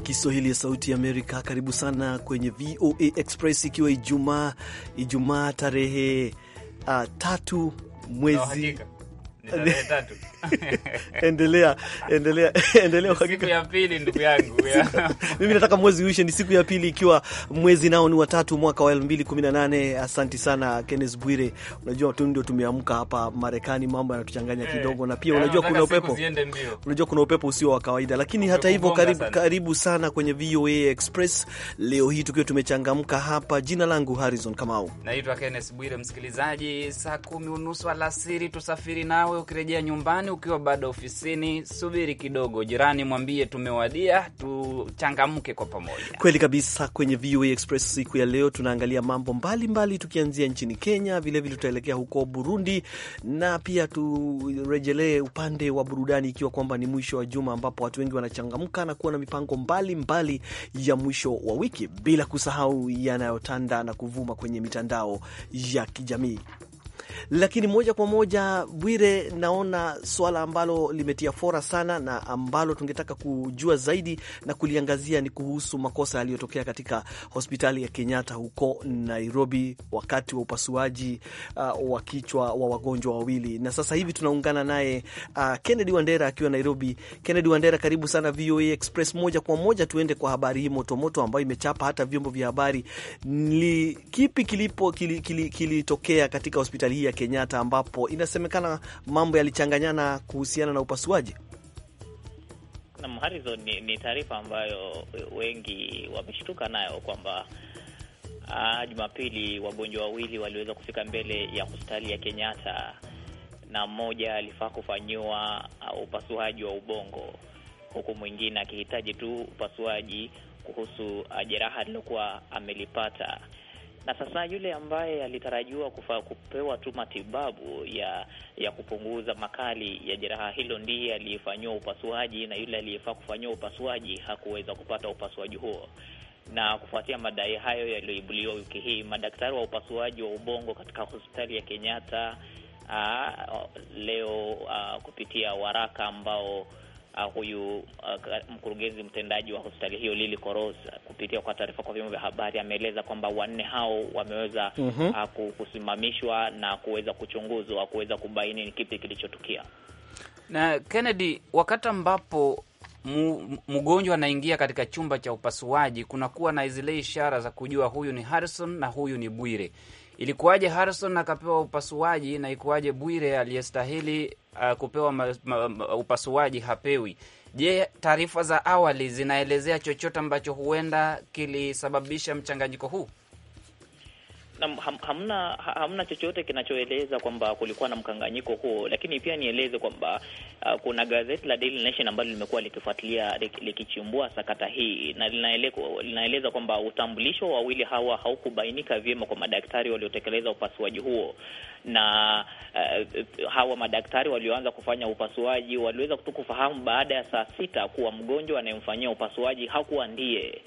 Kiswahili ya Sauti ya Amerika. Karibu sana kwenye VOA Express, ikiwa Ijumaa, Ijumaa tarehe uh, tatu mwezi no, endelea endelea endelea. Siku ya pili, ndugu yangu ya. Mimi nataka mwezi uishe, ni siku ya pili, ikiwa mwezi nao ni watatu mwaka wa 2018. Asanti sana Kenneth Bwire, unajua tu ndio tumeamka hapa Marekani, mambo yanatuchanganya eh, kidogo na pia eh, unajua kuna upepo, unajua kuna upepo usio wa kawaida, lakini hata hivyo karibu, sana, karibu sana kwenye VOA Express leo hii tukiwa tumechangamka hapa. Jina langu Harrison Kamau, naitwa Kenneth Bwire. Msikilizaji, saa 10:30 alasiri tusafiri nawe ukirejea nyumbani jioni ukiwa bado ofisini, subiri kidogo, jirani mwambie tumewadia, tuchangamke kwa pamoja. Kweli kabisa. Kwenye VOA Express siku ya leo tunaangalia mambo mbalimbali mbali, tukianzia nchini Kenya, vilevile tutaelekea huko Burundi na pia turejelee upande wa burudani, ikiwa kwamba ni mwisho wa juma ambapo watu wengi wanachangamka na kuwa na mipango mbalimbali mbali ya mwisho wa wiki, bila kusahau yanayotanda na kuvuma kwenye mitandao ya kijamii. Lakini moja kwa moja, Bwire, naona swala ambalo limetia fora sana na ambalo tungetaka kujua zaidi na kuliangazia ni kuhusu makosa yaliyotokea katika hospitali ya Kenyatta huko Nairobi wakati wa upasuaji uh, wa kichwa wa wagonjwa wawili, na sasa hivi tunaungana naye uh, Kennedy Wandera akiwa Nairobi. Kennedy Wandera, karibu sana VOA Express. Moja kwa moja tuende kwa habari hii motomoto ambayo imechapa hata vyombo vya habari. Ni kipi kilitokea kili, kili katika hospitali hii ya Kenyatta, ambapo inasemekana mambo yalichanganyana kuhusiana na upasuaji. Naam, Harrison, ni, ni taarifa ambayo wengi wameshtuka nayo kwamba ah, Jumapili wagonjwa wawili waliweza kufika mbele ya hospitali ya Kenyatta na mmoja alifaa kufanyiwa ah, upasuaji wa ubongo huku mwingine akihitaji tu upasuaji kuhusu ah, jeraha alilokuwa amelipata na sasa yule ambaye alitarajiwa kufa, kupewa tu matibabu ya ya kupunguza makali ya jeraha hilo ndiye aliyefanyiwa upasuaji, na yule aliyefaa kufanyiwa upasuaji hakuweza kupata upasuaji huo. Na kufuatia madai hayo yaliyoibuliwa wiki hii, madaktari wa upasuaji wa ubongo katika hospitali ya Kenyatta aa, leo aa, kupitia waraka ambao uh, huyu uh, mkurugenzi mtendaji wa hospitali hiyo lili Koros kupitia kwa taarifa kwa vyombo vya habari ameeleza kwamba wanne hao wameweza mm -hmm. uh, kusimamishwa na kuweza kuchunguzwa kuweza kubaini ni kipi kilichotukia. Na Kennedy, wakati ambapo mgonjwa anaingia katika chumba cha upasuaji kunakuwa na zile ishara za kujua huyu ni Harrison na huyu ni Bwire. Ilikuwaje Harrison akapewa upasuaji na ikuwaje Bwire aliyestahili uh, kupewa ma, ma, ma, upasuaji hapewi? Je, taarifa za awali zinaelezea chochote ambacho huenda kilisababisha mchanganyiko huu? na, ham, hamna, hamna chochote kinachoeleza kwamba kulikuwa na mkanganyiko huo, lakini pia nieleze kwamba uh, kuna gazeti la Daily Nation ambalo limekuwa likifuatilia likichimbua sakata hii na linaeleza kwamba utambulisho wa wawili hawa haukubainika vyema kwa madaktari waliotekeleza upasuaji huo, na uh, hawa madaktari walioanza kufanya upasuaji waliweza tu kufahamu baada ya saa sita kuwa mgonjwa anayemfanyia upasuaji hakuwa ndiye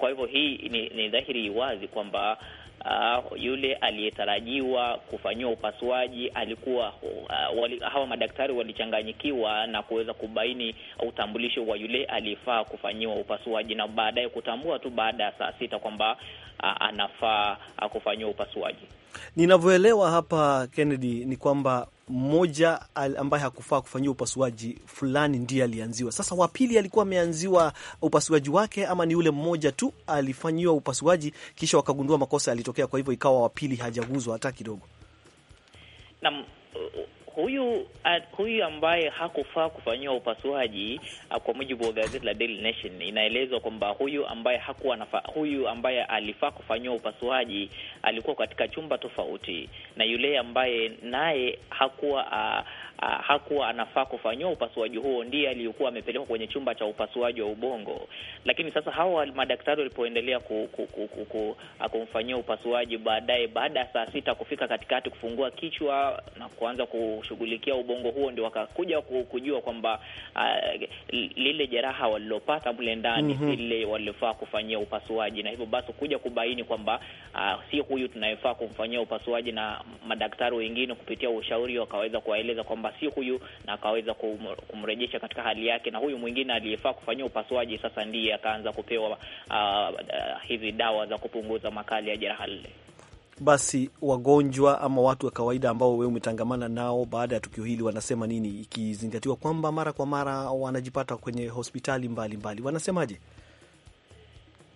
kwa hivyo hii ni, ni dhahiri wazi kwamba Uh, yule aliyetarajiwa kufanyiwa upasuaji alikuwa uh, wali, hawa madaktari walichanganyikiwa na kuweza kubaini utambulisho wa yule aliyefaa kufanyiwa upasuaji na baadaye kutambua tu baada ya saa sita kwamba uh, anafaa uh, kufanyiwa upasuaji. Ninavyoelewa hapa Kennedy, ni kwamba mmoja ambaye hakufaa kufanyiwa upasuaji fulani ndiye alianziwa. Sasa wa pili alikuwa ameanziwa upasuaji wake, ama ni yule mmoja tu alifanyiwa upasuaji kisha wakagundua makosa yalitokea, kwa hivyo ikawa wa pili hajaguzwa hata kidogo. Naam huyu huyu ambaye hakufaa kufanyiwa upasuaji kwa mujibu wa gazeti la Daily Nation, inaelezwa kwamba huyu ambaye hakuwa nafa, huyu ambaye alifaa kufanyiwa upasuaji alikuwa katika chumba tofauti na yule ambaye naye hakuwa uh, Ah, hakuwa anafaa kufanyiwa upasuaji huo, ndiye aliyokuwa amepelekwa kwenye chumba cha upasuaji wa ubongo. Lakini sasa hawa madaktari walipoendelea ku, ku, ku, ku, ku, ah, kumfanyia upasuaji baadaye, baada ya saa sita kufika katikati, kufungua kichwa na kuanza kushughulikia ubongo huo, ndio wakakuja kujua kwamba uh, lile jeraha walilopata mle ndani mm -hmm. lile walifaa kufanyia upasuaji, na hivyo basi kuja kubaini kwamba uh, si huyu tunayefaa kumfanyia upasuaji, na madaktari wengine kupitia ushauri wakaweza kuwaeleza kwamba basi huyu na akaweza kumrejesha katika hali yake, na huyu mwingine aliyefaa kufanyia upasuaji sasa ndiye akaanza kupewa uh, uh, hizi dawa za kupunguza makali ya jeraha lile. Basi wagonjwa ama watu wa kawaida ambao wewe umetangamana nao baada ya tukio hili wanasema nini, ikizingatiwa kwamba mara kwa mara wanajipata kwenye hospitali mbalimbali mbali. Wanasemaje?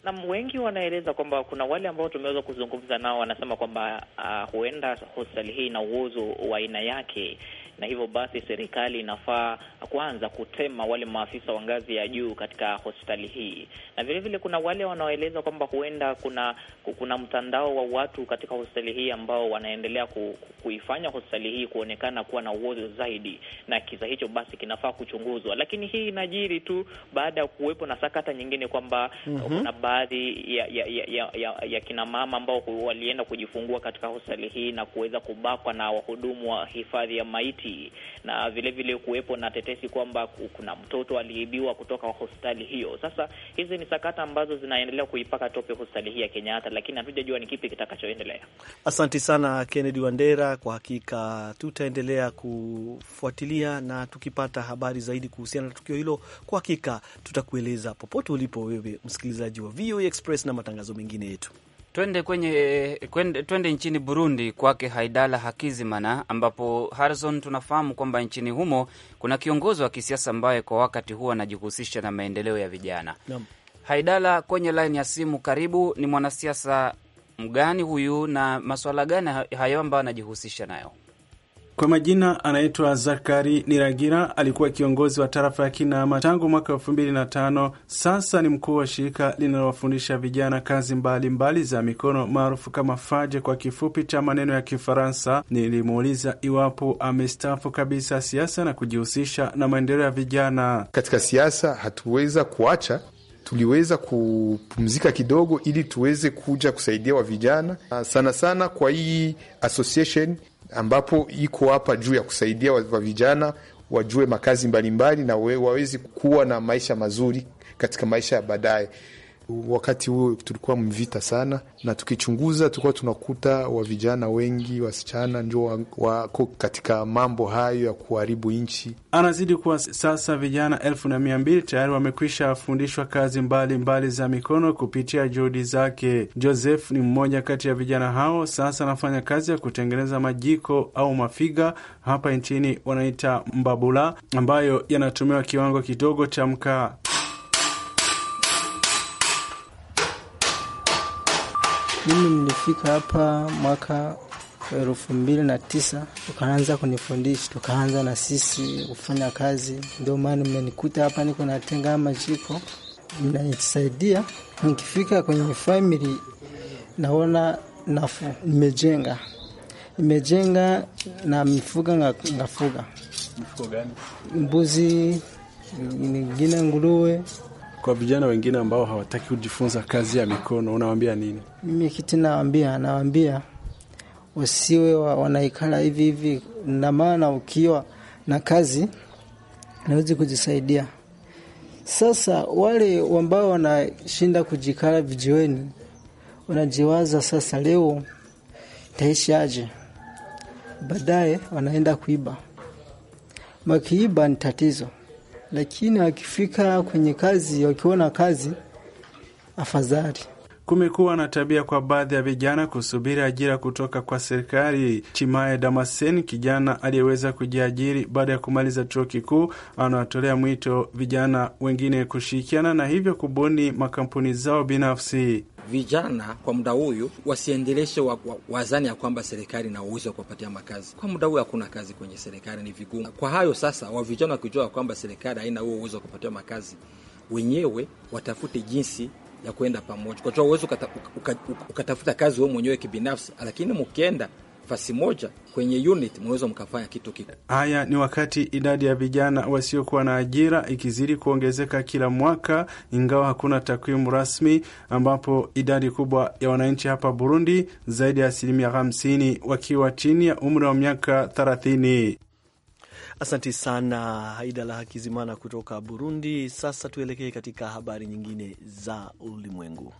Na wengi wanaeleza kwamba kuna wale ambao tumeweza kuzungumza nao wanasema kwamba uh, huenda hospitali hii ina uozo wa aina yake na hivyo basi serikali inafaa kwanza kutema wale maafisa wa ngazi ya juu katika hospitali hii, na vilevile vile kuna wale wanaoeleza kwamba huenda kuna kuna mtandao wa watu katika hospitali hii ambao wanaendelea ku, kuifanya hospitali hii kuonekana kuwa na uozo zaidi, na kisa hicho basi kinafaa kuchunguzwa. Lakini hii inajiri tu baada ya kuwepo na sakata nyingine kwamba mm -hmm. kuna baadhi ya, ya, ya, ya, ya, ya kina mama ambao walienda kujifungua katika hospitali hii na kuweza kubakwa na wahudumu wa hifadhi ya maiti tetesi na vilevile kuwepo na tetesi kwamba kuna mtoto aliibiwa kutoka hospitali hiyo. Sasa hizi ni sakata ambazo zinaendelea kuipaka tope hospitali hii ya Kenyatta, lakini hatujajua ni kipi kitakachoendelea. asanti sana Kennedy Wandera, kwa hakika tutaendelea kufuatilia na tukipata habari zaidi kuhusiana na tukio hilo, kwa hakika tutakueleza popote ulipo wewe msikilizaji wa VOA e Express na matangazo mengine yetu. Twende kwenye kwende, twende nchini Burundi kwake Haidala Hakizimana, ambapo Harrison, tunafahamu kwamba nchini humo kuna kiongozi wa kisiasa ambaye kwa wakati huo anajihusisha na maendeleo ya vijana no. Haidala, kwenye laini ya simu, karibu. Ni mwanasiasa mgani huyu na masuala gani hayo ambayo anajihusisha nayo? Kwa majina anaitwa Zakari Niragira. Alikuwa kiongozi wa tarafa ya Kinama tangu mwaka elfu mbili na tano. Sasa ni mkuu wa shirika linalowafundisha vijana kazi mbalimbali mbali za mikono maarufu kama Faje kwa kifupi cha maneno ya Kifaransa. Nilimuuliza iwapo amestaafu kabisa siasa na kujihusisha na maendeleo ya vijana katika siasa. Hatuweza kuacha tuliweza kupumzika kidogo ili tuweze kuja kusaidia wa vijana sana sana kwa hii association ambapo iko hapa juu ya kusaidia wa vijana wajue makazi mbalimbali mbali na wawezi kuwa na maisha mazuri katika maisha ya baadaye. Wakati huo tulikuwa mvita sana, na tukichunguza tulikuwa tunakuta wa vijana wengi wasichana ndio wako katika mambo hayo ya kuharibu nchi. Anazidi kuwa sasa vijana elfu na mia mbili tayari wamekwisha fundishwa kazi mbalimbali mbali za mikono kupitia juhudi zake. Joseph ni mmoja kati ya vijana hao, sasa anafanya kazi ya kutengeneza majiko au mafiga, hapa nchini wanaita mbabula, ambayo yanatumiwa kiwango kidogo cha mkaa. Mimi nilifika hapa mwaka elfu mbili na tisa tukaanza kunifundisha, tukaanza na sisi kufanya kazi. Ndio maana mmenikuta hapa, niko natenga majiko, mnanisaidia. Nikifika kwenye famili, naona nafu nimejenga nimejenga na mifuga ngafuga mbuzi, nyingine nguruwe kwa vijana wengine ambao hawataki kujifunza kazi ya mikono, unawambia nini? Mimi kitu nawambia nawambia wasiwe wa, wanaikala hivi hivi, na maana ukiwa na kazi nawezi kujisaidia. Sasa wale ambao wanashinda kujikala vijiweni, wanajiwaza sasa, leo taishi aje, baadaye wanaenda kuiba. Makiiba ni tatizo lakini wakifika kwenye kazi, wakiona kazi afadhali. Kumekuwa na tabia kwa baadhi ya vijana kusubiri ajira kutoka kwa serikali. Chimaye Damasen, kijana aliyeweza kujiajiri baada ya kumaliza chuo kikuu, anawatolea mwito vijana wengine kushirikiana na hivyo kubuni makampuni zao binafsi. Vijana kwa muda huyu wasiendeleshe wa, wa, wazani ya kwamba serikali na uwezo wa kuwapatia makazi. Kwa muda huyu hakuna kazi kwenye serikali, ni vigumu. Kwa hayo sasa, wa vijana wakijua kwamba serikali haina huo uwezo wa kupatia makazi, wenyewe watafute jinsi ya kwenda pamoja. Kwa sababu hiyo uweze uka, uka, kazi wewe mwenyewe kibinafsi, lakini mkienda fasi moja kwenye unit mnaweza mkafanya kitu kikubwa. Haya ni wakati idadi ya vijana wasiokuwa na ajira ikizidi kuongezeka kila mwaka, ingawa hakuna takwimu rasmi, ambapo idadi kubwa ya wananchi hapa Burundi, zaidi ya asilimia 50 wakiwa chini ya umri wa miaka 30. Asante sana Haidala Hakizimana kutoka Burundi. Sasa tuelekee katika habari nyingine za ulimwengu.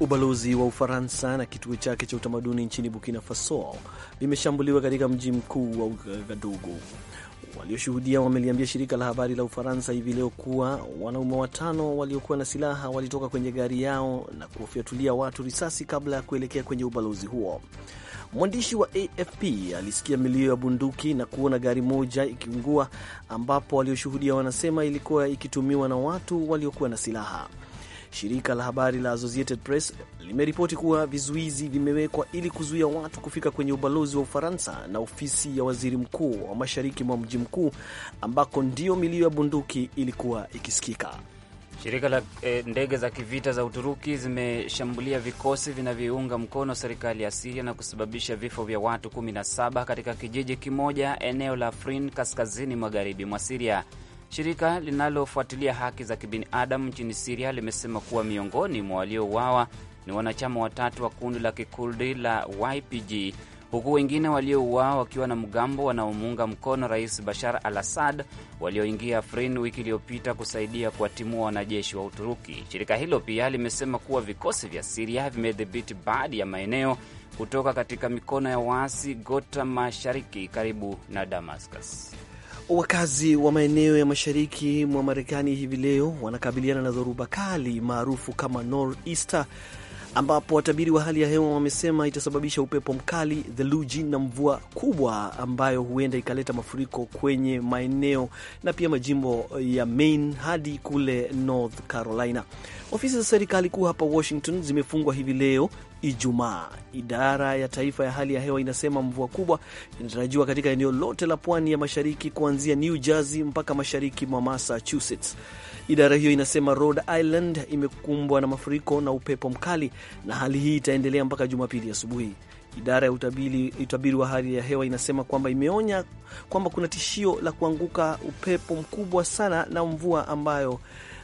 Ubalozi wa Ufaransa na kituo chake cha utamaduni nchini Burkina Faso vimeshambuliwa katika mji mkuu wa Ugadugu. Walioshuhudia wameliambia shirika la habari la Ufaransa hivi leo kuwa wanaume watano waliokuwa na silaha walitoka kwenye gari yao na kuwafyatulia watu risasi kabla ya kuelekea kwenye ubalozi huo. Mwandishi wa AFP alisikia milio ya bunduki na kuona gari moja ikiungua, ambapo walioshuhudia wanasema ilikuwa ikitumiwa na watu waliokuwa na silaha. Shirika la habari la Associated Press limeripoti kuwa vizuizi vimewekwa ili kuzuia watu kufika kwenye ubalozi wa Ufaransa na ofisi ya waziri mkuu wa mashariki mwa mji mkuu ambako ndio milio ya bunduki ilikuwa ikisikika. Shirika la e, ndege za kivita za Uturuki zimeshambulia vikosi vinavyoiunga mkono serikali ya Siria na kusababisha vifo vya watu 17 katika kijiji kimoja eneo la Afrin kaskazini magharibi mwa Siria. Shirika linalofuatilia haki za kibinadamu nchini Siria limesema kuwa miongoni mwa waliouawa ni wanachama watatu wa kundi la kikurdi la YPG, huku wengine waliouawa wakiwa na mgambo wanaomuunga mkono Rais Bashar al Assad walioingia Afrin wiki iliyopita kusaidia kuwatimua wanajeshi wa Uturuki. Shirika hilo pia limesema kuwa vikosi vya Siria vimedhibiti baadhi ya maeneo kutoka katika mikono ya waasi Gota Mashariki, karibu na Damascus. Wakazi wa maeneo ya mashariki mwa Marekani hivi leo wanakabiliana na dhoruba kali maarufu kama Nor'easter ambapo watabiri wa hali ya hewa wamesema itasababisha upepo mkali, theluji na mvua kubwa ambayo huenda ikaleta mafuriko kwenye maeneo na pia majimbo ya Maine hadi kule North Carolina. Ofisi za serikali kuu hapa Washington zimefungwa hivi leo Ijumaa. Idara ya Taifa ya Hali ya Hewa inasema mvua kubwa inatarajiwa katika eneo lote la pwani ya mashariki kuanzia New Jersey mpaka mashariki mwa Massachusetts. Idara hiyo inasema Rhode Island imekumbwa na mafuriko na upepo mkali na hali hii itaendelea mpaka Jumapili asubuhi. Idara ya utabiri, utabiri wa hali ya hewa inasema kwamba imeonya kwamba kuna tishio la kuanguka upepo mkubwa sana na mvua ambayo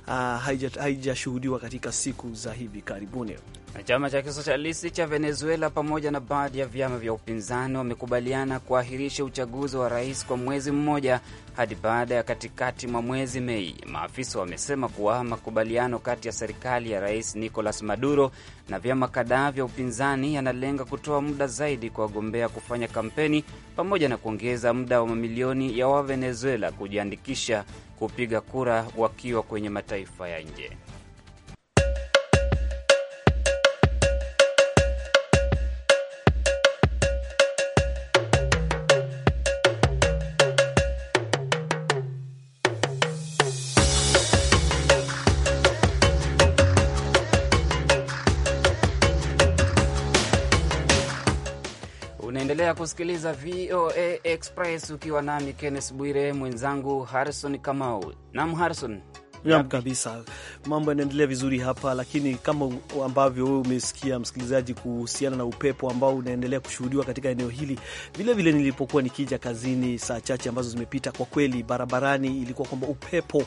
uh, haijashuhudiwa katika siku za hivi karibuni. chama cha kisosialisti cha Venezuela pamoja na baadhi ya vyama vya upinzani wamekubaliana kuahirisha uchaguzi wa rais kwa mwezi mmoja hadi baada ya katikati mwa mwezi Mei. Maafisa wamesema kuwa makubaliano kati ya serikali ya rais Nicolas Maduro na vyama kadhaa vya upinzani yanalenga kutoa muda zaidi kwa wagombea kufanya kampeni pamoja na kuongeza muda wa mamilioni ya Wavenezuela kujiandikisha kupiga kura wakiwa kwenye mataifa ya nje. Unaendelea kusikiliza VOA Express ukiwa nami Kenneth Bwire, mwenzangu Harrison Kamau. Nam Harrison, Naam, kabisa, mambo yanaendelea vizuri hapa, lakini kama ambavyo wewe umesikia msikilizaji, kuhusiana na upepo ambao unaendelea kushuhudiwa katika eneo hili, vilevile nilipokuwa nikija kazini saa chache ambazo zimepita, kwa kweli barabarani ilikuwa kwamba upepo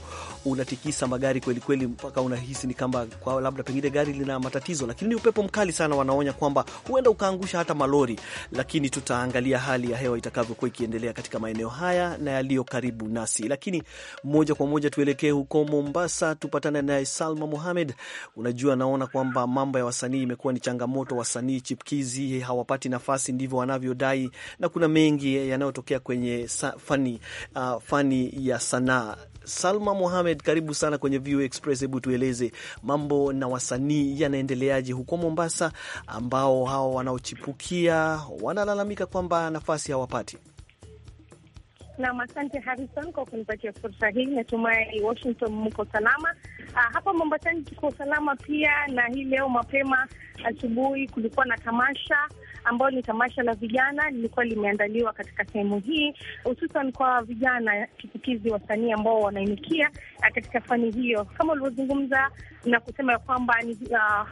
unatikisa magari kwelikweli, mpaka unahisi ni kama kwa labda pengine gari lina matatizo, lakini ni upepo mkali sana. Wanaonya kwamba huenda ukaangusha hata malori, lakini tutaangalia hali ya hewa itakavyokuwa ikiendelea katika maeneo haya na yaliyo karibu nasi, lakini moja kwa moja tuelekee huko Mombasa, tupatane naye Salma Muhamed. Unajua, naona kwamba mambo ya wasanii imekuwa ni changamoto, wasanii chipkizi hawapati nafasi, ndivyo wanavyodai, na kuna mengi yanayotokea kwenye fani, uh, fani ya sanaa. Salma Mohamed, karibu sana kwenye VOA Express. Hebu tueleze mambo na wasanii yanaendeleaje huko Mombasa, ambao hawa wanaochipukia wanalalamika kwamba nafasi hawapati? Nam, asante Harrison kwa kunipatia fursa hii. Natumai Washington mko salama. Uh, hapa mambatani tuko salama pia, na hii leo mapema asubuhi kulikuwa na tamasha ambayo ni tamasha la vijana, lilikuwa limeandaliwa katika sehemu hii hususan kwa vijana chipukizi, wasanii ambao wanainukia ah, katika fani hiyo. Kama ulivyozungumza na kusema ya kwamba ni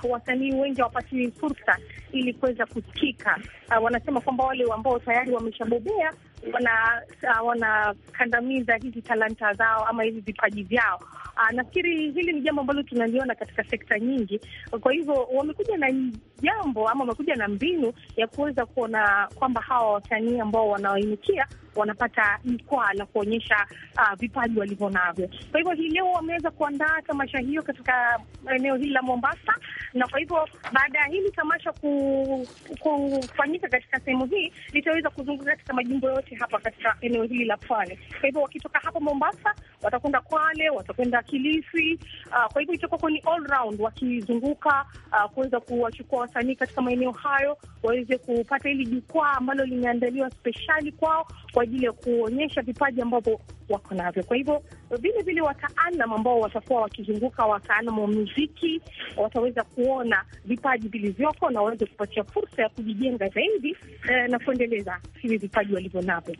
uh, wasanii wengi hawapatii fursa ili kuweza kusikika. Uh, wanasema kwamba wale ambao tayari wameshabobea wana wanakandamiza hizi talanta zao ama hizi vipaji vyao. nafkiri ah, nafikiri hili ni jambo ambalo tunaliona katika sekta nyingi. Kwa hivyo wamekuja na jambo ama wamekuja na mbinu ya kuweza kuona kwamba hawa wasanii ambao wanawainikia wanapata mkwaa la kuonyesha uh, vipaji walivyo navyo. Kwa hivyo hii leo wameweza kuandaa tamasha hiyo katika eneo hili la Mombasa, na kwa hivyo baada ya hili tamasha kufanyika katika sehemu hii litaweza kuzunguka katika majimbo yote hapa katika eneo hili la Pwani. Kwa hivyo wakitoka hapa Mombasa watakwenda Kwale, watakwenda Kilifi. Uh, kwa hivyo itakuwa ni all round wakizunguka, uh, kuweza kuwachukua wasanii katika maeneo hayo waweze kupata hili jukwaa ambalo limeandaliwa speshali kwao kwa ajili ya kuonyesha vipaji ambavyo wako navyo. Kwa hivyo vile vile wataalam ambao watakuwa wakizunguka, wataalam wa muziki, wataweza kuona vipaji vilivyoko na waweze kupatia fursa ya kujijenga zaidi eh, na kuendeleza hivi vipaji walivyo navyo.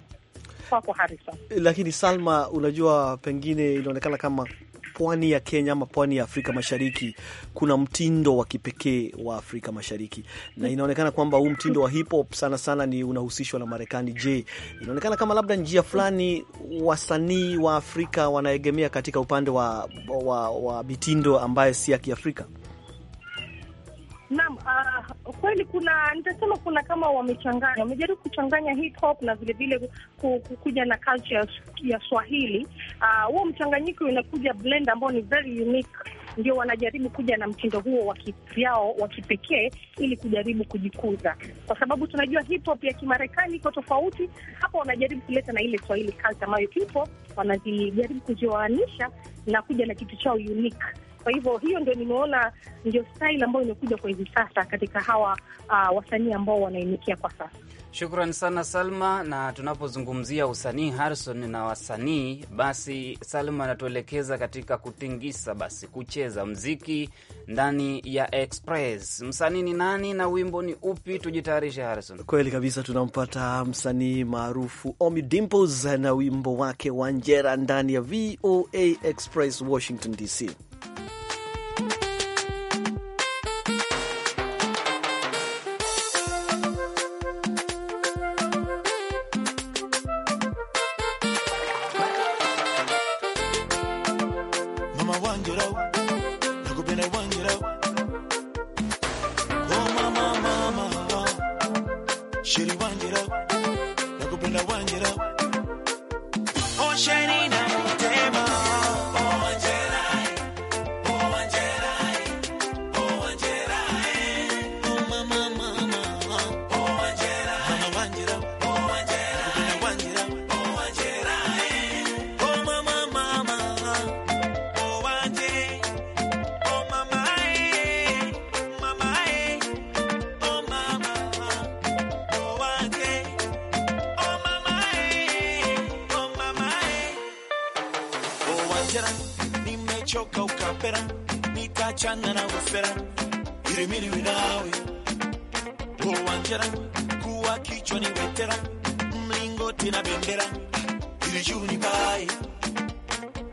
Kwako harisa Lakini Salma, unajua pengine inaonekana kama pwani ya Kenya ama pwani ya Afrika Mashariki kuna mtindo wa kipekee wa Afrika Mashariki, na inaonekana kwamba huu mtindo wa hip hop sana sana ni unahusishwa na Marekani. Je, inaonekana kama labda njia fulani wasanii wa Afrika wanaegemea katika upande wa, wa, wa mitindo ambayo si ya Kiafrika? Naam, uh, kweli kuna nitasema kuna kama wamechanganya, wamejaribu kuchanganya hip hop na vilevile kuja na culture ya Swahili. Ah, huo uh, mchanganyiko inakuja blend ambao ni very unique, ndio wanajaribu kuja na mtindo huo wa kiao wa kipekee ili kujaribu kujikuza, kwa sababu tunajua hip hop ya Kimarekani iko tofauti. Hapa wanajaribu kuleta na ile Swahili culture ambayo ipo, wanajaribu wanazijaribu na kuja na kitu chao unique kwa hivyo hiyo ndio nimeona ndio style ambayo imekuja kwa hivi sasa katika hawa uh, wasanii ambao wanainikia kwa sasa. Shukran sana Salma, na tunapozungumzia usanii Harrison na wasanii, basi Salma anatuelekeza katika kutingisa, basi kucheza mziki ndani ya Express. Msanii ni nani na wimbo ni upi? Tujitayarishe Harrison. Kweli kabisa, tunampata msanii maarufu Omi Dimples na wimbo wake wa Njera ndani ya VOA Express, Washington DC. ukichoka ukapera, nitachana na ufera irimiri winawe uwanjera kuwa kichwa ni wetera mlingoti na bendera irijuni bai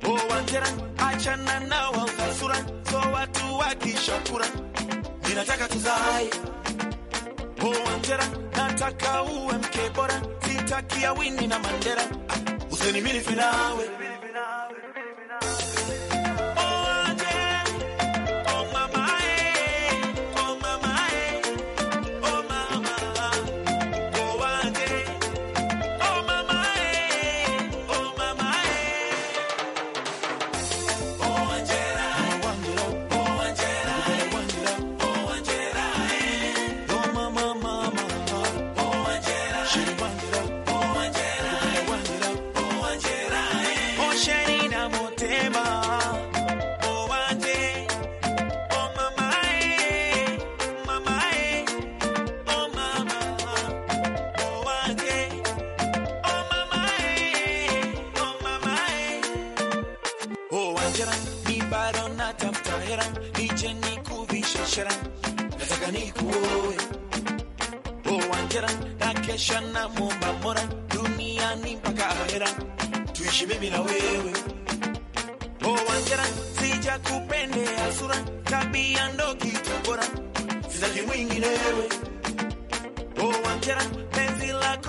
uwanjera achana na waukasura so watu wakishakura ninataka tuzai uwanjera nataka uwe mke sitakia wini na mandera usenimirife nawe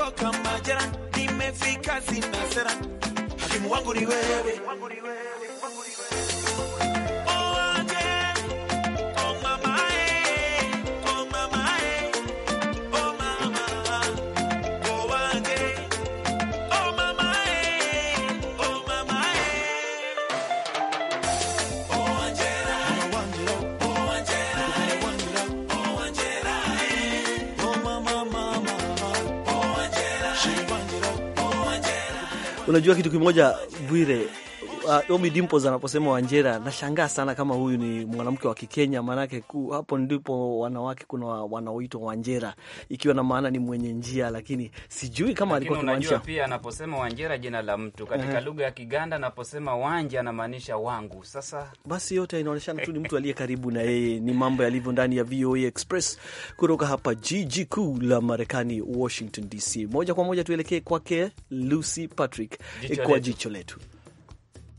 yako kama jana, nimefika sina sera, hakimu wangu ni wewe. Unajua kitu kimoja Bwire, uh, Omi Dimples anaposema Wanjera, nashangaa sana kama huyu ni mwanamke wa Kikenya, maanake hapo ndipo wanawake kuna wanaoitwa Wanjera, ikiwa na maana ni mwenye njia, lakini sijui kama alikuwa unajua. Pia anaposema Wanjera, jina la mtu katika uh -huh. lugha ya Kiganda, anaposema wanja anamaanisha wangu. Sasa basi yote inaonyeshana tu ni mtu aliye karibu na yeye. Ni mambo yalivyo ndani ya VOA Express kutoka hapa jiji kuu la Marekani, Washington DC. Moja kwa moja tuelekee kwake Lucy Patrick kwa jicho letu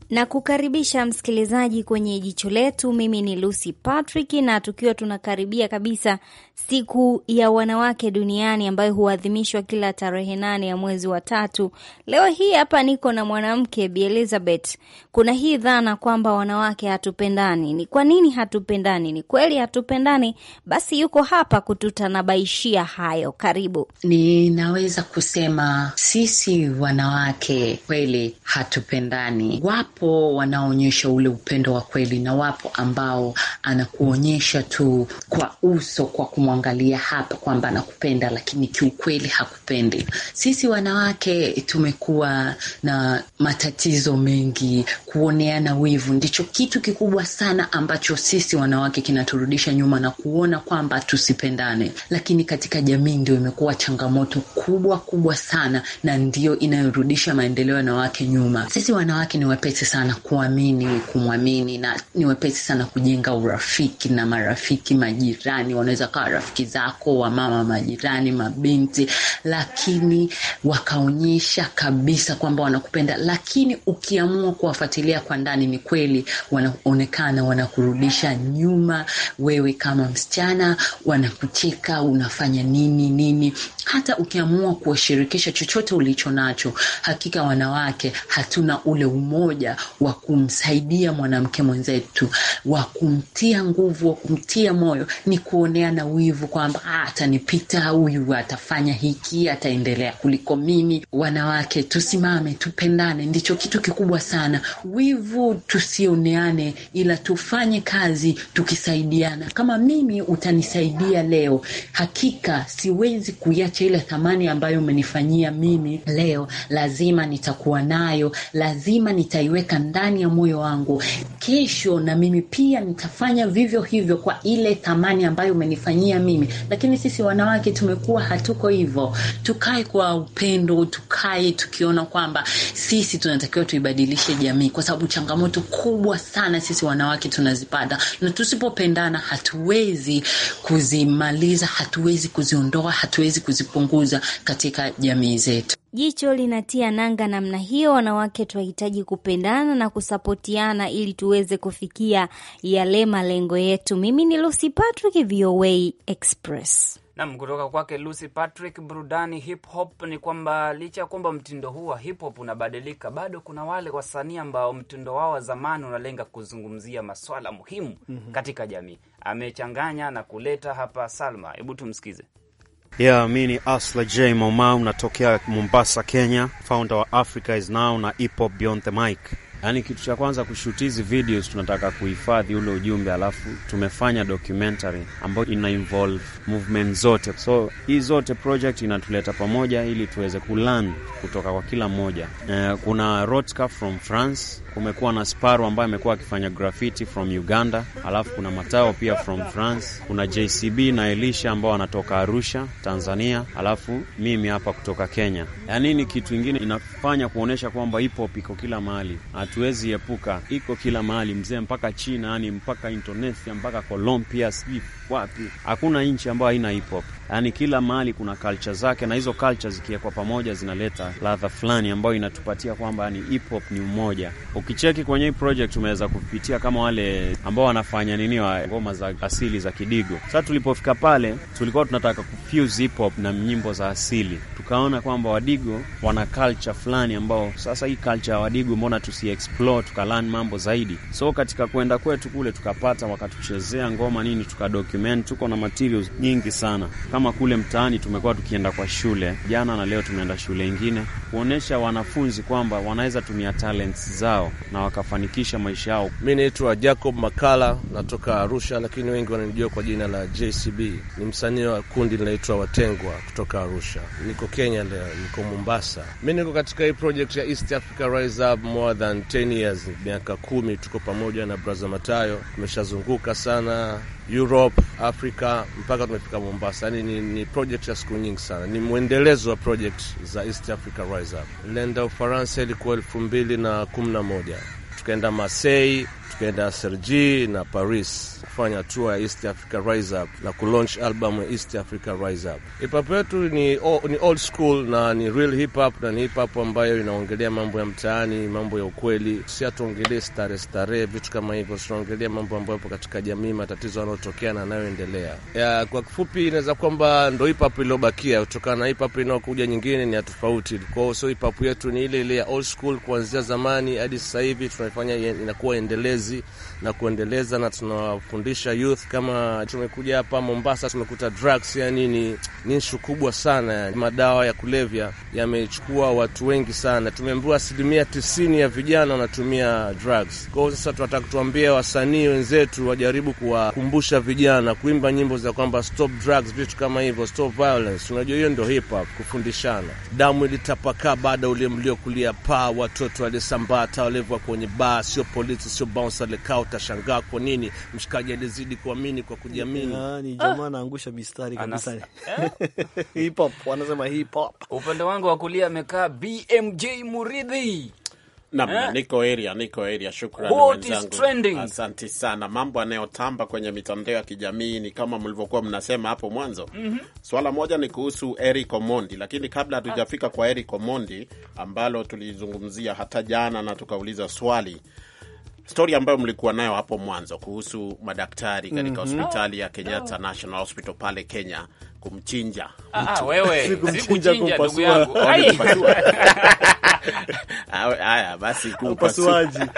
na kukaribisha msikilizaji kwenye jicho letu. Mimi ni Lucy Patrick, na tukiwa tunakaribia kabisa siku ya wanawake duniani ambayo huadhimishwa kila tarehe nane ya mwezi wa tatu, leo hii hapa niko na mwanamke Bi Elizabeth. Kuna hii dhana kwamba wanawake hatupendani. Ni kwa nini hatupendani? Ni kweli hatupendani? Basi yuko hapa kututanabaishia hayo. Karibu. Ninaweza kusema sisi wanawake kweli hatupendani Wap wapo wanaonyesha ule upendo wa kweli na wapo ambao anakuonyesha tu kwa uso, kwa kumwangalia hapa kwamba anakupenda, lakini kiukweli hakupendi. Sisi wanawake tumekuwa na matatizo mengi, kuoneana wivu ndicho kitu kikubwa sana ambacho sisi wanawake kinaturudisha nyuma na kuona kwamba tusipendane, lakini katika jamii ndio imekuwa changamoto kubwa kubwa sana, na ndiyo inayorudisha maendeleo ya wanawake nyuma. Sisi wanawake ni wapesi wepesi sana kuamini, kumwamini na ni wepesi sana kujenga urafiki na marafiki, majirani. Wanaweza kawa rafiki zako, wamama, majirani, mabinti, lakini wakaonyesha kabisa kwamba wanakupenda, lakini ukiamua kuwafuatilia kwa ndani, ni kweli wanaonekana wanakurudisha nyuma, wewe kama msichana, wanakucheka unafanya nini nini. Hata ukiamua kuwashirikisha chochote ulicho nacho, hakika wanawake hatuna ule umoja wa kumsaidia mwanamke mwenzetu, wa kumtia nguvu, wa kumtia moyo, ni kuoneana wivu kwamba ah, atanipita huyu, atafanya hiki, ataendelea kuliko mimi. Wanawake tusimame, tupendane, ndicho kitu kikubwa sana. Wivu tusioneane, ila tufanye kazi tukisaidiana. Kama mimi utanisaidia leo, hakika siwezi kuiacha ile thamani ambayo umenifanyia mimi leo, lazima nitakuwa nayo, lazima nitaiweka kuweka ndani ya moyo wangu. Kesho na mimi pia nitafanya vivyo hivyo kwa ile thamani ambayo umenifanyia mimi. Lakini sisi wanawake tumekuwa hatuko hivyo. Tukae kwa upendo, tukae tukiona kwamba sisi tunatakiwa tuibadilishe jamii, kwa sababu changamoto kubwa sana sisi wanawake tunazipata, na tusipopendana hatuwezi kuzimaliza, hatuwezi kuziondoa, hatuwezi kuzipunguza katika jamii zetu. Jicho linatia nanga namna hiyo. Wanawake tunahitaji kupendana na kusapotiana ili tuweze kufikia yale malengo yetu. Mimi ni Lucy Patrick, VOA Express. Nam, kutoka kwake Lucy Patrick. Burudani hip hop ni kwamba licha ya kwamba mtindo huu wa hip hop unabadilika, bado kuna wale wasanii ambao mtindo wao wa zamani unalenga kuzungumzia maswala muhimu mm -hmm. katika jamii. Amechanganya na kuleta hapa Salma, hebu tumsikize. Yeah, mi ni Asla J momau natokea Mombasa, Kenya, founder wa Africa is Now na ipo Beyond the Mic. Yaani kitu cha kwanza kushuti hizi videos, tunataka kuhifadhi ule ujumbe, alafu tumefanya documentary ambayo ina involve movement zote. So hii zote project inatuleta pamoja ili tuweze kulearn kutoka kwa kila mmoja. Eh, kuna Rotka from France, kumekuwa na Sparo ambaye amekuwa akifanya graffiti from Uganda, alafu kuna Matao pia from France, kuna JCB na Elisha ambao wanatoka Arusha, Tanzania, alafu mimi hapa kutoka Kenya. Yaani ni kitu ingine inafanya kuonyesha kwamba hip hop iko kila mahali hatuwezi epuka, iko kila mahali mzee, mpaka China, yani mpaka Indonesia, mpaka Colombia, sijui wapi. Hakuna nchi ambayo haina hip hop. Yaani kila mahali kuna culture zake, na hizo culture zikiwekwa pamoja zinaleta ladha fulani ambayo inatupatia kwamba yani hip hop ni umoja. Ukicheki kwenye hii project umeweza kupitia kama wale ambao wanafanya nini wa ngoma za asili za Kidigo. Sasa tulipofika pale, tulikuwa tunataka kufuse hip hop na nyimbo za asili, tukaona kwamba Wadigo wana culture fulani ambao sasa hii culture ya Wadigo mbona tusi explore tukalan mambo zaidi. So katika kwenda kwetu kule tukapata wakatuchezea ngoma nini, document tuko na materials nyingi sana kama kule mtaani tumekuwa tukienda kwa shule jana na leo tumeenda shule ingine, kuonyesha wanafunzi kwamba wanaweza tumia talents zao na wakafanikisha maisha yao. Mi naitwa Jacob Makala, natoka Arusha, lakini wengi wananijua kwa jina la JCB. Ni msanii wa kundi linaitwa Watengwa kutoka Arusha. Niko Kenya leo, niko Mombasa. Mi niko katika hii project ya East Africa Rise Up more than 10 years, miaka kumi. Tuko pamoja na braza Matayo, tumeshazunguka sana Europe, Africa mpaka tumefika Mombasa. Yani ni, ni project ya siku nyingi sana, ni mwendelezo wa project za East Africa Rise Up. Lenda Ufaransa ilikuwa elfu mbili na kumi na moja tukaenda Marseille tukaenda SRG na Paris kufanya tour ya East Africa Rise Up na kulaunch albamu ya East Africa Rise Up. Hip hop yetu ni, ni old school na ni real hip hop na ni hip hop ambayo inaongelea mambo ya mtaani, mambo ya ukweli. Si hatuongelee starehe starehe, vitu kama hivyo, tunaongelea mambo ambayo yapo katika jamii, matatizo yanayotokea na yanayoendelea. Kwa kifupi, inaweza kwamba ndo hip hop iliyobakia kutokana na hip hop inayokuja nyingine ni ya tofauti. Kwa hiyo, so hip hop yetu ni ile ile ya old school kuanzia zamani hadi sasa hivi, tunaifanya inakuwa endelezi crise na kuendeleza, na tunawafundisha youth. Kama tumekuja hapa Mombasa tumekuta drugs, yani ni, nishu kubwa sana. Madawa ya kulevya yamechukua watu wengi sana. Tumeambiwa asilimia tisini ya vijana wanatumia drugs. Kwa hiyo sasa tunataka tuambie wasanii wenzetu wajaribu kuwakumbusha vijana kuimba nyimbo za kwamba stop drugs, vitu kama hivyo, stop violence. Unajua hiyo ndio hip hop, kufundishana. Damu ilitapakaa baada ule mliokulia pa watoto walisambata, walevwa kwenye baa, sio polisi, sio bouncer alikaa utashangaa kwa nini mshikaji alizidi kuamini kwa kujiamini. Ah, ni ah. jamaa anaangusha mistari kabisa. Hip hop wanasema hip hop. Upande wangu wa kulia amekaa BMJ Muridhi. Nam, eh? niko area, niko area. Shukrani wenzangu, sana. Mambo yanayotamba kwenye mitandao ya kijamii ni kama mlivyokuwa mnasema hapo mwanzo. mm -hmm. Swala moja ni kuhusu Eric Omondi, lakini kabla hatujafika kwa Eric Omondi ambalo tulizungumzia hata jana na tukauliza swali stori ambayo mlikuwa nayo hapo mwanzo kuhusu madaktari katika mm -hmm. hospitali ya Kenyatta no. National Hospital pale Kenya kumchinja ah, ah, mtu. Wewe, si kumchinja, kumchinja, Haya basi, upasuaji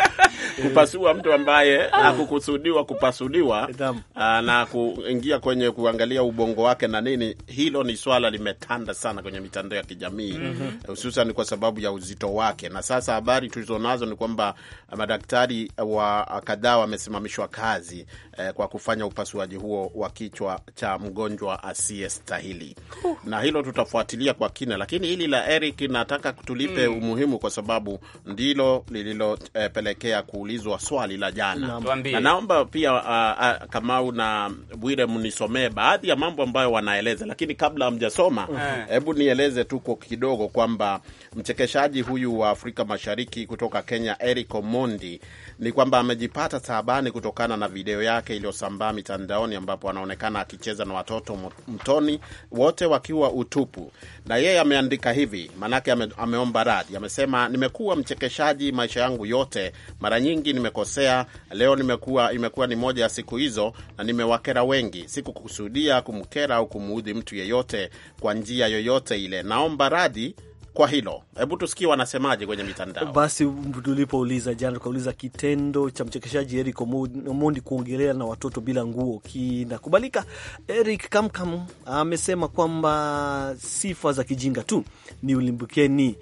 kupasua mtu ambaye ah. hakukusudiwa kupasuliwa ah, na kuingia kwenye kuangalia ubongo wake na nini, hilo ni swala limetanda sana kwenye mitandao ya kijamii mhm. hususan mm -hmm. kwa sababu ya uzito wake. Na sasa habari tulizonazo ni kwamba madaktari wa kadhaa wamesimamishwa kazi eh, kwa kufanya upasuaji huo wa kichwa cha mgonjwa asiyestahili stahili na hilo tutafuatilia kwa kina, lakini hili la Eric nataka tulipe mm muhimu kwa sababu ndilo lililopelekea e, kuulizwa swali la jana, na naomba pia a, uh, a, uh, Kamau na Bwire mnisomee baadhi ya mambo ambayo wanaeleza, lakini kabla hamjasoma, eh. hebu mm nieleze tu kwa kidogo kwamba mchekeshaji huyu wa Afrika Mashariki kutoka Kenya Eric Omondi ni kwamba amejipata taabani kutokana na video yake iliyosambaa mitandaoni ambapo anaonekana akicheza na watoto mtoni wote wakiwa utupu, na yeye ameandika hivi, maanake ame, ameomba radi ame amesema nimekuwa mchekeshaji maisha yangu yote, mara nyingi nimekosea. Leo nimekuwa, imekuwa ni moja ya siku hizo, na nimewakera wengi. Sikukusudia kumkera au kumuudhi mtu yeyote kwa njia yoyote ile. Naomba radhi kwa hilo. Hebu tusikie wanasemaje kwenye mitandao. Basi tulipouliza jana, tukauliza kitendo cha mchekeshaji Eric Omondi kuongelea na watoto bila nguo kinakubalika? Eric Kamkam amesema kwamba sifa za kijinga tu ni ulimbukeni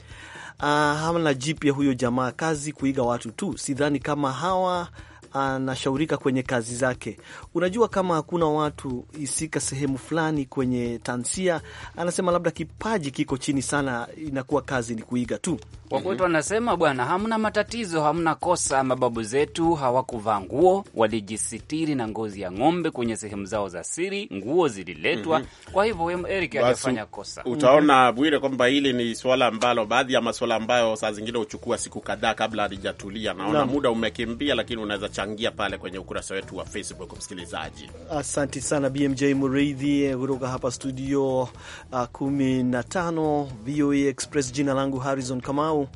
Ah, hamna jipya huyo jamaa, kazi kuiga watu tu. Sidhani kama hawa anashaurika kwenye kazi zake. Unajua, kama hakuna watu isika sehemu fulani kwenye tansia, anasema labda kipaji kiko chini sana, inakuwa kazi ni kuiga tu. Wakwetu wanasema bwana, hamna matatizo, hamna kosa. Mababu zetu hawakuvaa nguo, walijisitiri na ngozi ya ng'ombe kwenye sehemu zao za siri, nguo zililetwa. mm -hmm. Kwa hivyo Eric alifanya kosa. Utaona Bwire kwamba hili ni swala ambalo, baadhi ya maswala ambayo saa zingine huchukua siku kadhaa kabla halijatulia. Naona no. muda umekimbia, lakini unaweza kuchangia pale kwenye ukurasa wetu wa Facebook. Msikilizaji, asanti sana BMJ Mureithi eh, kutoka hapa studio ah, na 15 VOA Express. Jina langu Harrison Kamau.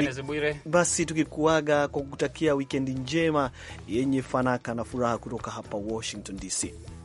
Ni, basi tukikuaga kwa kutakia wikendi njema yenye fanaka na furaha kutoka hapa Washington DC.